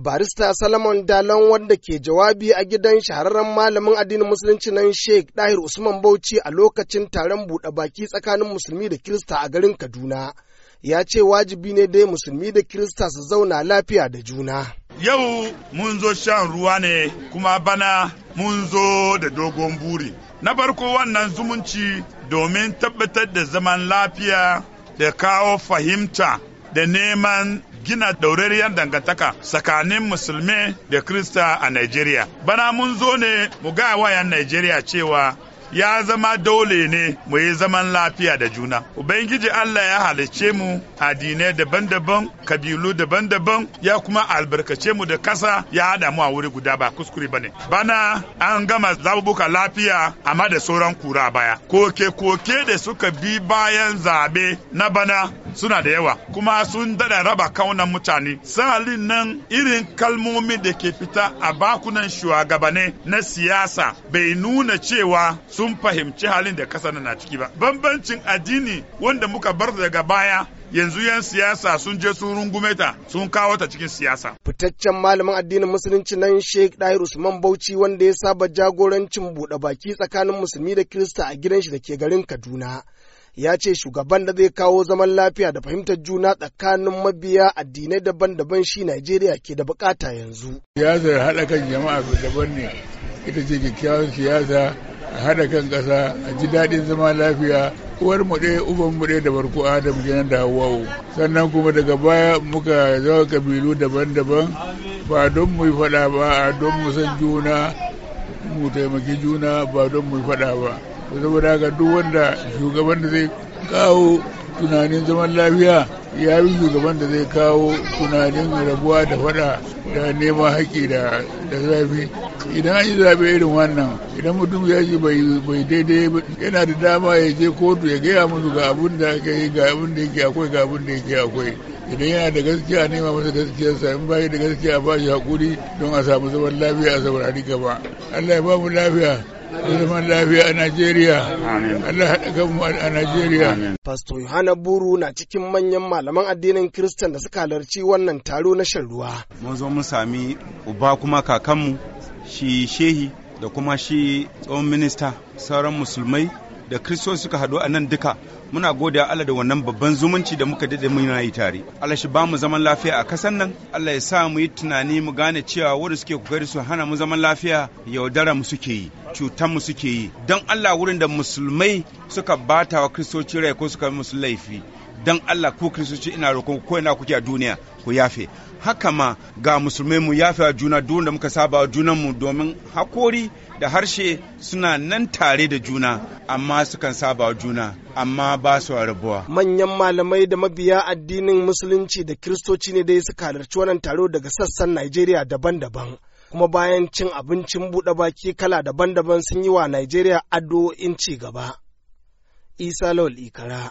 barista Salomon Dalon wanda ke jawabi a gidan shahararren malamin addinin musulunci nan Sheikh Dahir Usman Bauchi a lokacin taron buɗe baki tsakanin musulmi da Kirista a garin Kaduna. Ya ce wajibi ne dai musulmi da Kirista su zauna lafiya da juna. Yau mun zo shan ruwa ne kuma bana mun zo da dogon buri. Na farko wannan zumunci domin tabbatar da zaman lafiya da kawo fahimta da neman gina ɗaurariyar dangantaka tsakanin musulmi da krista a Najeriya. Bana mun zo ne mu ga wayan Najeriya cewa ya zama dole ne mu yi zaman lafiya da juna. Ubangiji Allah ya halice mu addinai daban-daban, kabilu daban-daban, ya kuma albarkace mu da kasa ya haɗa mu a wuri guda ba kuskure ba Bana an gama zabubuka lafiya amma da sauran kura baya. Koke-koke da suka bi bayan zabe na bana suna da yawa kuma sun daɗa raba kaunan mutane salin nan irin kalmomi da ke fita a bakunan shugabane na siyasa bai nuna cewa sun fahimci halin da kasar na ciki ba bambancin addini wanda muka bar daga baya yanzu 'yan siyasa sun je sun rungume ta sun kawo ta cikin siyasa. Fitaccen malamin addinin musulunci nan Sheikh Dahir Usman Bauchi wanda ya saba jagorancin buɗe baki tsakanin musulmi da Kirista a gidan shi da ke garin Kaduna. Ya ce shugaban da zai kawo zaman lafiya da fahimtar juna tsakanin mabiya addinai daban-daban shi Najeriya ke da bukata yanzu. Siyasar haɗa kan jama'a daban ne ita ce kyakkyawar siyasa a haɗa kan ƙasa a ji daɗin zama lafiya uwar mu ɗaya uban mu ɗaya da barko adam kenan da hawawu sannan kuma daga baya muka zama kabilu daban-daban ba don mu yi faɗa ba a don mu san juna mu taimaki juna ba don mu yi faɗa ba saboda haka duk wanda shugaban da zai kawo tunanin zaman lafiya ya yi shugaban da zai kawo tunanin rabuwa da fada da neman haƙƙi da zafi idan an yi zaɓe irin wannan idan mutum ya ji bai daidai yana da dama ya je kotu ya gaya musu ga abin da aka yi ga abin da yake akwai ga abin da yake akwai idan yana da gaskiya nema masa sa, in bai da gaskiya ba shi haƙuri don a samu zaman lafiya a saurari gaba allah ya ba mu lafiya zaman lafiya a Najeriya. Allah haɗa mu a Najeriya. Pastor Yohana Buru na cikin manyan malaman addinin Kiristan da suka halarci wannan taro na shan ruwa. Mun zo mun sami uba kuma kakanmu shi shehi da kuma shi tsohon minista sauran musulmai da kristoci suka haɗu a nan duka muna godiya Allah da wannan babban zumunci da muka dade muna yi tare Allah shi ba mu zaman lafiya a kasan nan Allah ya sa mu yi tunani mu gane cewa wanda suke kokari su hana mu zaman lafiya yaudara mu suke yi cutan mu suke yi don Allah wurin da musulmai suka bata wa kristoci rai ko suka musu laifi dan Allah ku kristoci ina roƙon ko ina kuke a duniya ku yafe haka ma ga musulmai mu yafe a juna duk da muka saba junan mu domin hakori da harshe suna nan tare da juna amma sukan saba juna amma ba su rabuwa manyan malamai da mabiya addinin musulunci da kiristoci ne dai suka halarci wannan taro daga sassan Najeriya daban-daban kuma bayan cin abincin buɗe baki kala daban-daban sun yi wa Najeriya addu'o'in ci gaba. Isa Lawal Ikara